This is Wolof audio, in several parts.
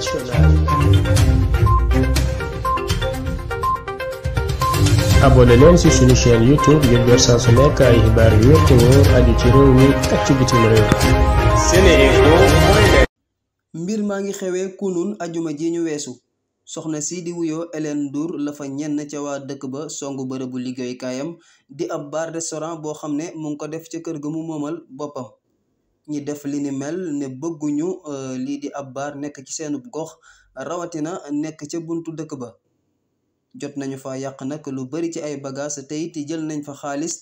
internationale. abonné leen ci suñu chaîne yu wér te wóor mi ak ci mbir maa ngi xewee kunun ajuma ji ñu weesu. soxna sii di wuyoo Hélène Ndour la ñenn ca waa dëkk ba songu bërëbu liggéeykaayam di ab bar restaurant boo xam ne mu ngi ko def ca kër ga mu moomal boppam ñi def li ni mel ne bëgguñu euh, lii di ab baar nekk ci seenub gox rawatina nekk ca buntu dëkk ba jot nañu fa yàq nag lu bari ci ay bagages te jël nañ fa xaalis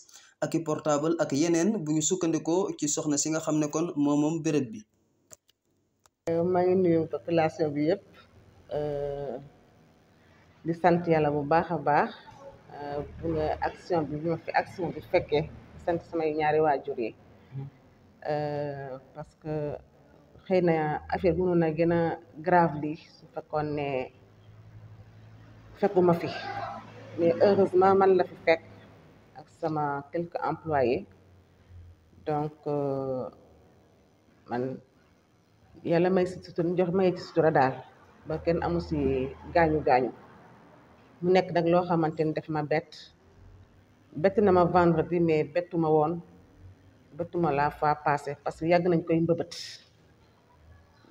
ak i portable ak yeneen bu ñu sukkandikoo ci soxna si nga xam ne kon moom moom béréb bi. Euh, maa ngi nuyu population bi yëpp euh, di sant yàlla bu baax a baax bu nga action bi bu ma fekkee sant samay ñaari waajur yi. Euh, parce que xëy na affaire bi mënoon na gën a grave lii su fekkoon ne fekkuma fi mais heureusement man la fi fekk ak sama quelques employés donc euh, man yàlla may si sutura jox may daal ba kenn amu si gaañu gaañ mu nekk nag loo xamante ni def ma bett bett na ma vendredi mais bettuma woon bëttuma la fois passé parce que yàgg nañ koy mbëbët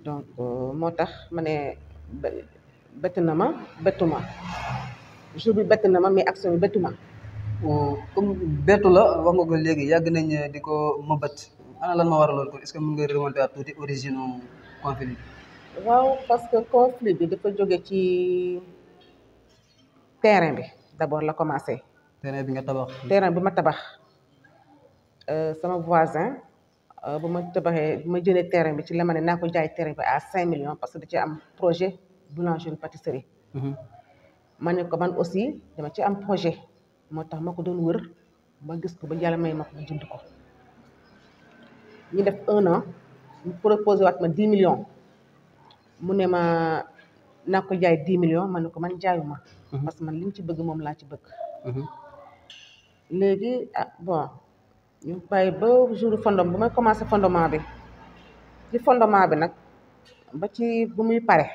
donc euh, moo tax ma ne bëtt na ma bëttuma jour bi bëtt na ma mais action bi bëttuma comme bettu la wax nga ko léegi yàgg nañ di ko mëbët ana lan ma waraloon ko est ce que mën nga remonter à tuuti origine conflit waaw parce que conflit bi dafa jóge ci terrain bi d' abord la commencé terrain bi nga tabax terrain bi ma tabax Euh, sama voisin euh, bu ma tabaxee bu ma jëlee terrain bi ci la ma naa ko jaay terrain bi à cinq millions parce que da ci am projet boulangerie pâtisserie mhm. ma ne ko man aussi dama ci am projet moo tax ma ko doon wër ba gis ko ba yàlla may ma ko jënd ko ñu def un an mu proposé waat ma dix millions mu ne ma naa ko jaay dix millions ma ne ko man jaayuma mhm. parce que man li ñu ci bëgg moom laa ci bëgg mhm. léegi ah bon ñu bàyyi ba jour fondement bu may commencé fondement bi ci fondement bi nag ba ci bu muy pare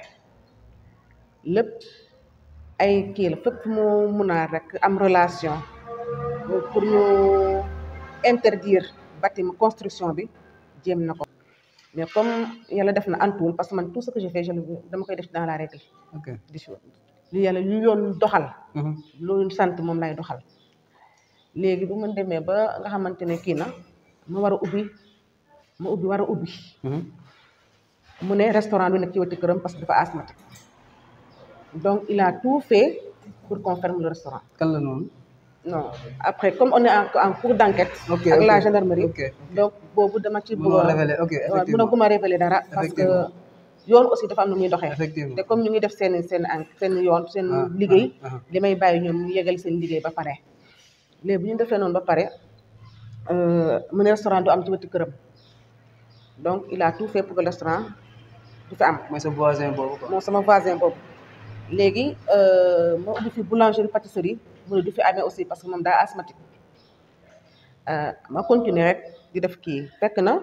lépp ay kii la fépp mu mun a rek am relation pour ñu interdire bâtiment construction bi jëm na ko mais comme yàlla def na antuwul parce que man tout ce que je fais je dama koy def dans la règle ok di lu yàlla lu yoon doxal loolu mm-hmm. sant moom lay doxal léegi bu ma demee ba nga xamante ne kii na ma war ubbi mu ubbi war ubbi. Mhm. mu ne restaurant bi nekk ci wetu këram parce que dafa asthmatique donc il a tout fait pour qu'on ferme le restaurant. kan la noonu. non comme on est en en cours d'enquête. ok ak la gendarmerie. donc boobu dama ci. mënoo révélé ok effectivement mënaguma révélé dara. parce que yoon aussi dafa am nu muy doxee. effectivement te comme ñu ngi def seen seen seen yoon seen ah, ah, liggéey. Ah. li may bàyyi ñoom mu yegal seen liggéey ba pare. léegi bu ñu defee noonu ba pare euh, mu ne restaurant du am ci wetu këram donc il a tout fait pour que restaurant du fi am. mooy sa voisin boobu quoi. moom sama voisin boobu. léegi euh, moo ubbi fi boulangerie pâtisserie mu ne du fi amee aussi parce que moom daa asthmatique euh, ma continuer rek di def kii fekk na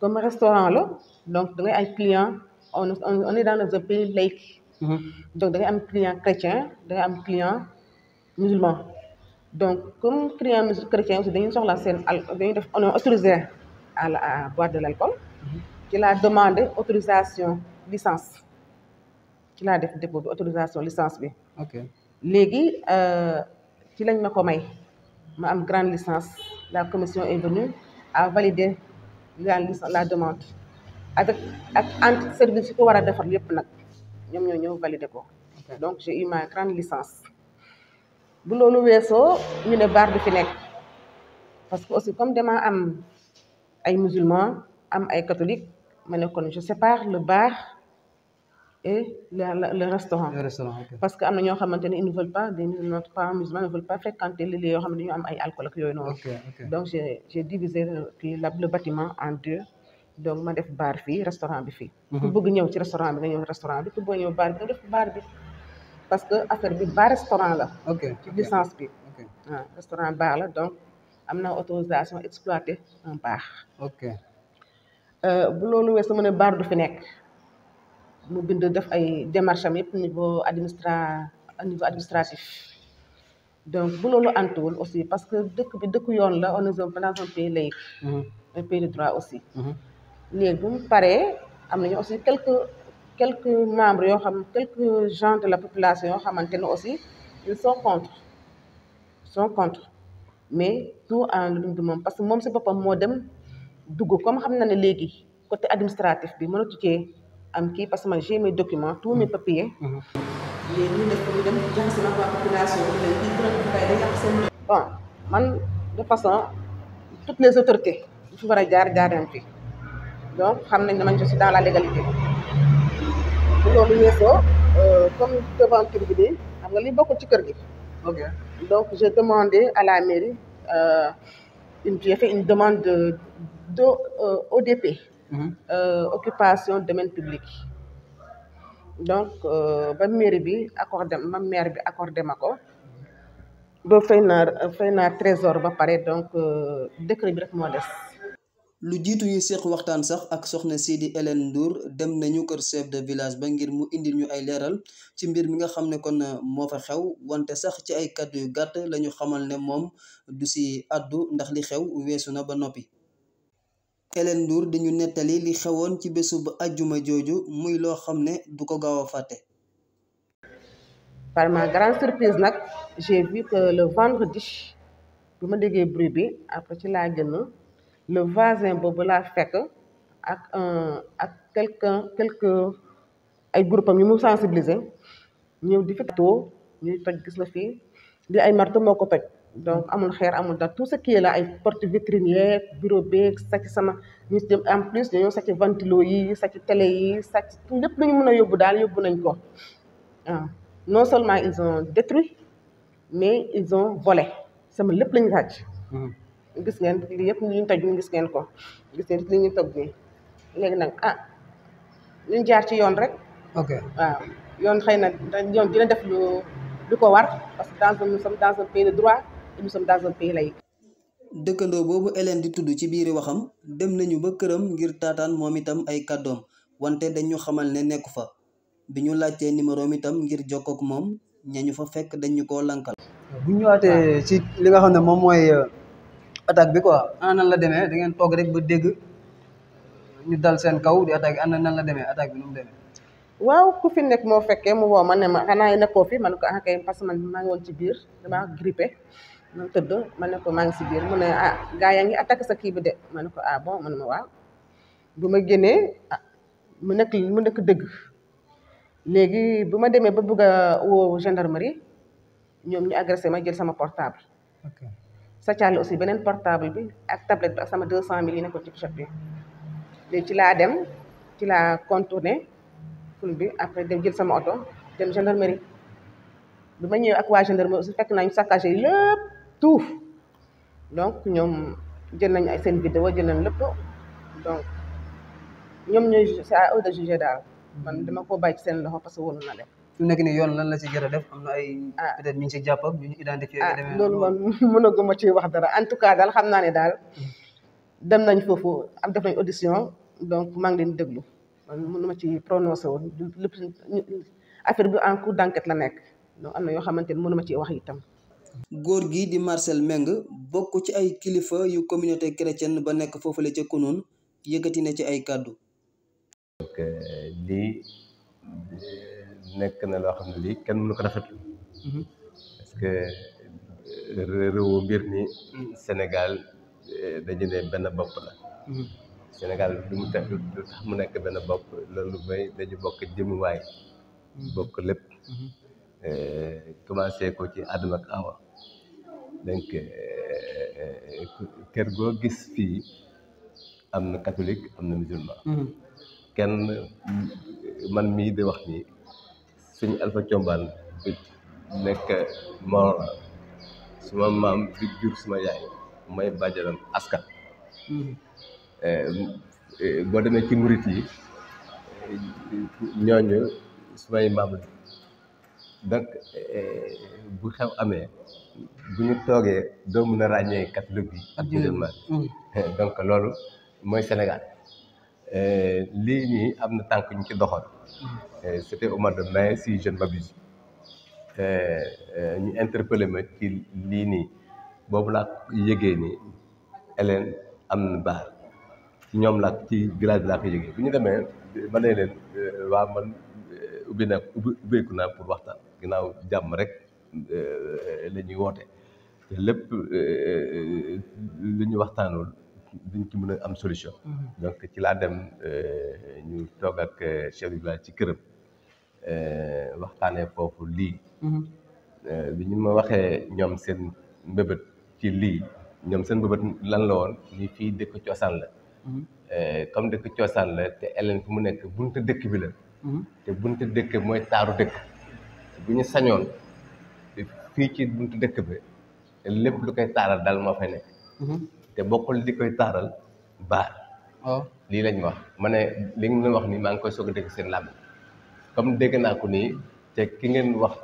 comme restaurant la donc da ngay ay client on on est dans un pays laïque. Mm-hmm. donc da ngay am client chrétien da ngay am client musulman. donc comme client chrétien aussi dañuy soxla seen al dañuy def on est à la à boire de l' alcool. ci mhm. laa demandé autorisation licence ci laa def dépôt bi autorisation licence bi. ok léegi ci euh, lañ ma ko may ma am grande licence la commission est venue à valider la licence la demande avec ak entre service yi ko war a defar yëpp nag ñoom ñoo ñëw valider ko. donc j'ai eu ma grande licence. bu loolu weesoo ñu ne baar du fi nekk parce que aussi comme dama am ay musulman am ay catholique ma ne kon je le bar et le le restaurant. parce que am na ñoo xamante ne ils ne veulent pas des musulmans parents musulmans yoo xam ne dañu am ay alcool ak yooyu noonu. donc j'ai j'ai divisé le le en deux. donc ma def bar fii restaurant bi fii. bug mhm. bëgg ñëw ci restaurant bi nga ñëw restaurant bi bar bi nga def bar bi. parce que affaire bi bar restaurant la. ok ci licence bi. ok waaw ah, restaurant bar la donc am na autorisation exploité baax bar. Euh, bu loolu weesoo ma ne bar du fi nekk mu bind def ay démarches am yëpp niveau administra niveau administratif. donc bu loolu antuwul aussi parce que dëkk bi dëkku yoon la on est dans un mhm. un pays de droit aussi. Mhm. léegi mu paree am nañu aussi quelques membres yoo xam quelques gens de la population yoo xamante ne aussi ils sont contre sont contre mais tout en lu dul moom parce que moom si boppam moo dem dugg comme xam na ne léegi côté administratif bi mënatu cee am kii parce que man j'ai mes documents tous mes papiers. Mhm. Mhm. léegi ñu def ko na waa population bi de façon toutes les autorités fi war jaar jaar nañ fi donc xam nañ ne man je suis la loolu weesoo euh, comme devanture bi nii xam nga li bokkul ci kër gi ok donc j'ai demandé à la mairie euh, une j'ai fait une demande de de euh, ODP mm mm-hmm. euh, occupation domaine public donc euh, ba mairie bi accordé ma maire bi accordé ma ko ba fay naa fay naa trésor ba pare donc décret bi rek moo des lu jiitu ñuy seq waxtaan sax ak soxna Sidi Hélène Ndour dem nañu kër chef de village ba ngir mu indil ñu ay leeral ci mbir mi nga xam ne kon moo fa xew wante sax ci ay kàddu yu gàtt lañu xamal ne moom du si àddu ndax li xew weesu na ba noppi. Hélène Ndour dañu nettali li xewoon ci bésu ba ajjuma jooju muy loo xam ne du ko gaaw a fàtte. Par ma grande surprise nag j'ai vu que le vendredi bu ma déggee bruit bi après ci laa gën le voisin boobu laa fekk ak un ak quelqu'un quelque ay groupe am mu sensibiliser ñëw di fi too ñuy gis na fii di ay marto moo ko toj donc amul xeer amul dara tout ce qui est ay porte vitrine yeeg bureau beeg sàcc sama ñu dem en plus dañoo sàcc ventilo yi sàcc télé yi sàcc lépp lu ñu mën a yóbbu daal yóbbu nañ ko waaw non seulement ils ont détruit mais ils ont volé sama lépp lañu sàcc hmm. gis ngeen lii yëpp li ñu toj ñu gis ngeen ko gis ngeen li ñu toj nii léegi nag a ah, ñu jaar ci yoon rek. ok waaw yoon xëy na yoon dina def lu lu ko war parce que dans un nous sommes dans un pays de droit et nous dans un pays laïque. dëkkandoo boobu Hélène di tudd ci biir waxam dem nañu ba këram ngir taataan moom itam ay kàddoom wante dañu xamal ne nekku fa bi ñu laajtee numéro am itam ngir jokkook moom ñañu fa fekk dañu ko lankal. bu ñu ñëwaatee ci li nga xam ne moom mooy. attaque bi quoi ana ah, nan la demee da ngeen toog rek ba dégg ñu dal seen kaw di attaque ah, ana nan la demee attaque bi nu mu waaw ku fi nekk moo fekkee mu woo ma ne ma xanaa nekkoo fi ma ne ko ah kay parce que man maa ngi woon ci biir tëdd ma ne ko maa ngi si biir mu ne ah gaa yaa ngi attaque sa kii bi de ma ne ko ah bon ma ne ma bu ma génnee ah mu mu nekk dëgg léegi bu ma demee ba bëgg a woo gendarmerie ñoom ñu agressé ma jël sama portable. sàccaale aussi beneen portable bi ak tablette bi ak sama 200000 yi nekkoon ci pochette bi ci laa dem ci laa contourné foule bi après dem jël sama oto dem gendarmerie bi ma ñëwee ak waa gendarmerie aussi fekk nañu saccagé lépp tuuf donc ñoom jël nañ ay seen vidéo jël nañ lépp donc ñoom ñooy c'est à eux de juger daal man dama koo bàyyi ci seen loxo parce que wóolu na leen. fi mu nekk nii yoon lan la ci jar a def am na ay. Ah. peut être ñu ngi si jàpp ak ñu ngi identifié. ah loolu man mënaguma ci wax dara en tout cas daal xam naa ne daal dem nañ foofu am def nañ audition donc maa ngi leen déglu man mënuma ci prononcé wu lépp affaire bi en cours la nekk donc am na yoo xamante ni mënuma ci wax itam. góor gii di Marcel Meng bokk ci ay kilifa yu communauté chrétienne ba nekk foofu la ca Kounoune yëkkati na ci ay kàddu. nekk na loo xam ne lii kenn mënu ko rafetlu mhm. parce que euh, réewu mbir mi Sénégal euh, dañu ne benn bopp la mhm. Sénégal lu mu tax mu nekk benn bopp loolu mooy dañu bokk jëmuwaay mhm. bokk lépp euh, commencé ko ci Adama ak Awa donc kër goo gis fii am na catholique am na musulman kenn man mii di wax nii suñ Alpha combal bi nekk Mawla suma maam bi jur suma yaay may bàjjanam askan mm-hmm. eh, eh, boo demee ci murit yi ñooñu sumay maam la donc eh, bu xew amee bu toogee doomu na a ràññee catholique bi ak musulman donc loolu mooy Sénégal Euh, lii nii am na tànk ñu ci doxal mm-hmm. euh, c'était au mois de mai si je ne m'abuse euh, ñu interpellé ma ci lii nii boobu laa yëgee ni Hélène am na baar ñoom laa ci village bi laa bu ñu demee ma ne leen waa man ubbi naa pour waxtaan ginnaaw jàmm rek la woote te lépp li ñu waxtaanul duñ ci mën a am solution. Mm-hmm. donc ci laa dem euh, ñu toog ak euh, chef ci këram euh, waxtaanee foofu lii. Mm-hmm. bi ñu ma waxee ñoom seen mbëbët ci lii ñoom seen mbëbët lan la woon ni fii dëkk cosaan la. Mm-hmm. comme dëkk cosaan la te Hélène fu mu nekk bunte dëkk bi la. te bunte dëkk mooy taaru dëkk. bu ñu sañoon fii ci buntu dëkk bi lépp lu koy taaral daal moo fay nekk. te bokkul li koy taaral baar. waaw lii lañ wax ma ne li ngeen wax nii maa ngi koy soog a dégg seen làmb comme dégg naa ko nii te ki ngeen wax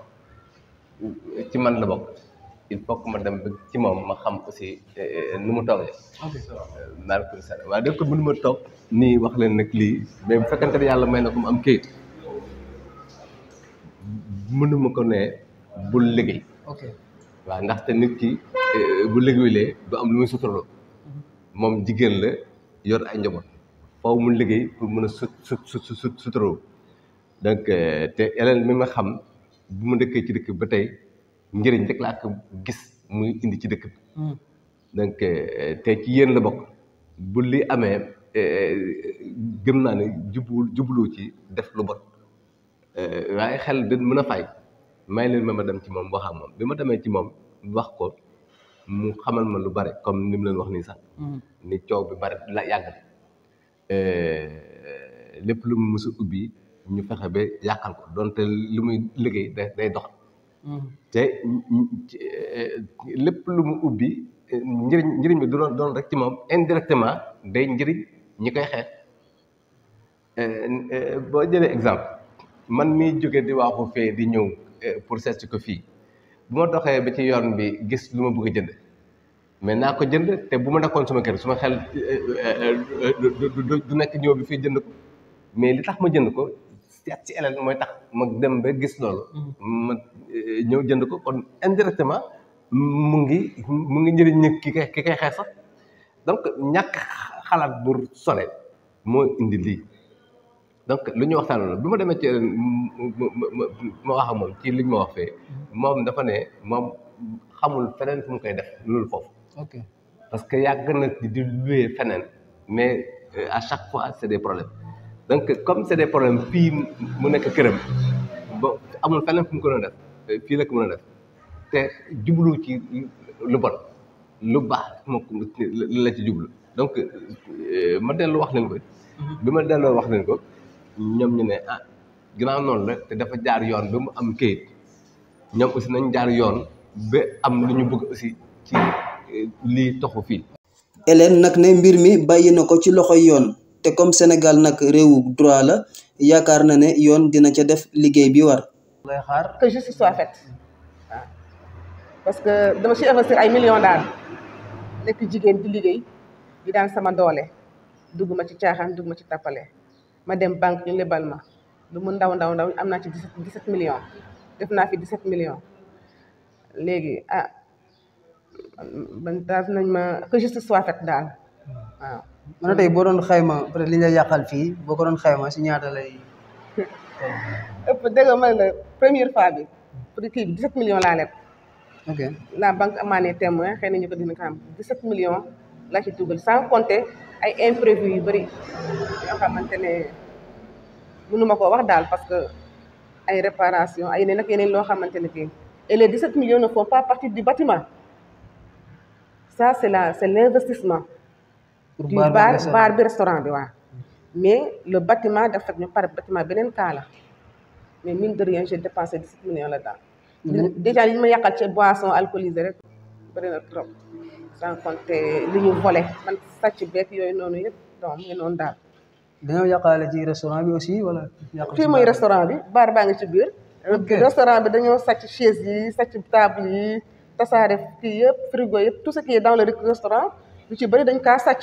ci man la bokk il faut que ma dem ci moom ma xam aussi eh, eh, nu mu toogee. maaleykum salaam waaye def ko mënu ma toog nii wax leen nag lii mais bu fekkante bi yàlla may na ko am kayit mënuma ko ne bul liggéey. ok waaw ndaxte nit ki eh, bu liggéeyulee du am lu muy suturloo. moom jigéen la yor ay njaboot faaw mu liggéey pour mën a sut sut sut suturoo donc euh, te Hélène mi ma xam bu mu dëkkee ci dëkk bi ba tey njëriñ rek laa ko gis muy indi ci dëkk bi hmm. donc euh, te ci yéen la bokk bu li amee euh, gëm naa ne jublu jublu ci def lu bon waaye xel da mën a fay may leen ma ma dem ci moom wax ak moom bi ma demee ci moom wax ko mu xamal ma lu bare comme ni leen wax nii sax. Hmm. ni coow bi bare la yàgg eh, lépp lu mu mës ubbi ñu fexe ba yàqal ko donte li muy liggéey day dox. Hmm. te eh, lépp lu mu ubbi eh, njëriñ njëriñ bi du doon rek ci moom indirectement day njëriñ ñi koy xeex boo jëlee exemple man mii jóge di waaxu fee di ñëw pour seet ko fii. bu ma doxee ba ci yoon bi gis lu ma bëgg a jënd mais naa ko jënd te bu ma nekkoon sama kër bi suma xel euh, euh, euh, du nekk ñëw bi fii jënd ko mais li tax ma jënd ko seet ci elal mooy tax ma dem ba gis loolu mm-hmm. ma ñëw jënd ko kon indirectement mu ngi mu ngi njëriñ ñi ki ki koy xeex sax donc ñàkk xalaat bu sore moo indi lii donc lu ñu waxtaan la bi ma demee ci euh, ma wax ak moom ci li ñu ma wax fee moom dafa ne moom xamul feneen fu mu koy def loolu foofu. ok parce que yàgg na di luwee feneen mais euh, à chaque fois c' est des problèmes donc comme c' est des problèmes fii mu nekk këram ba amul feneen fu mu ko doon def euh, fii la ko mën a def te jublu ci lu bon lu baax moom la ci jublu donc ma dellu wax leen ko. Mhm. bi ma delloo wax leen ko. ñoom ñu ne ah ginnaaw noonu la te dafa jaar yoon ba mu am kayit ñoom aussi nañ jaar yoon ba am lu ñu bugg aussi ci eh, lii toxu fii. Hélène nag ne mbir mi bàyyi na ko ci loxoy yoon te comme Sénégal nag réewu droit la yaakaar na ne yoon dina ca def liggéey bi war. lay xaar que justice soit faite parce que dama ci investir ay millions daal nekk jigéen bi liggéey di daan sama doole dugg ma ci caaxaan dugg ma ci tappale. ma dem banque ñu lebal ma lu mu ndaw ndaw ndaw am naa ci dix-sept million def naa fi dix-sept millions léegi ah man taas nañ ma que justice soit faite daal waaw. ma ne tey boo doon xayma peut li ñu yàqal fii boo ko doon xayma si ñaata lay. ëpp dëgg ma ne première fois bi pour kii bi dix-sept millions laa leb. ok la banque amaane témoin xëy na ñu ko dina ko am dix-sept millions. la ci dugal sans compter ay imprévu yu bëri yoo xamante ne mënuma ko wax daal parce que ay réparation ay yeneen ak yeneen loo xamante ne kii et les 17 millions ne font pas partie du bâtiment ça c'est la c'est l'investissement du bar bar bi restaurant bi waa mais le bâtiment daf fekk ñu pare bâtiment beneen cas mais min de rien j'ai dépensé 17 millions là-dedans déjà li ñu ma yàqal ci boisson alcoolisée rek bëri na rencontré li ñu volé man sàcc yooyu noonu yëpp donc mu ngi noonu daal. dañoo yàqaale ci restaurant bi aussi wala. mooy restaurant bi baar baa ngi ci biir. restaurant bi dañoo sàcc chaise yi sàcc table yi tasaare kii yëpp frigo yëpp tout ce qui est dans le restaurant lu ci bari dañ kaa sacc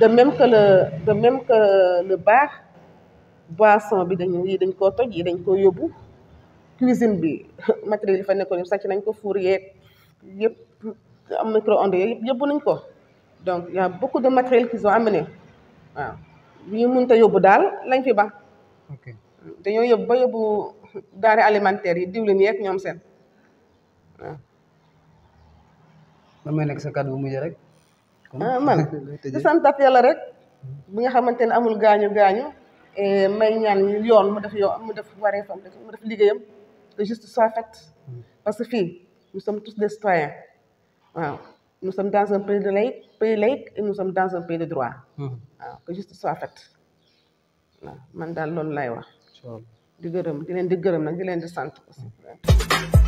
de même que le de même que le bar boisson bi dañu dañ koo toj yi dañ koo yóbbu cuisine bi matériel yi fa nekkoon yëpp sàcc nañ ko four yeeg am micro-ondes yooyu yëpp yóbbu nañ ko donc y a beaucoup de matériel qu'ils ont amené waaw bu ñu mënta yóbbu daal lañ fi ba ok dañoo yóbbu ba yóbbu denrées alimentaires yi diwlin yeeg ñoom seen waaw. lan nekk sa kàddu bu rek. ah man di santat rek. Hmm. bi nga xamante ne amul gaañu gaañu. Eh, may ñaan yoon mu def yoon mu def waree fam mu def liggéeyam que juste soit fait hmm. parce que fii nous sommes tous des citoyens. waaw nu sommes dans un pays de laïc pays laïc et nous sommes dans un pays de droit. Hmm. waaw que justice soit faite man daal loolu lay wax. di gërëm di leen di gërëm nag di leen di sant aussi. Hmm.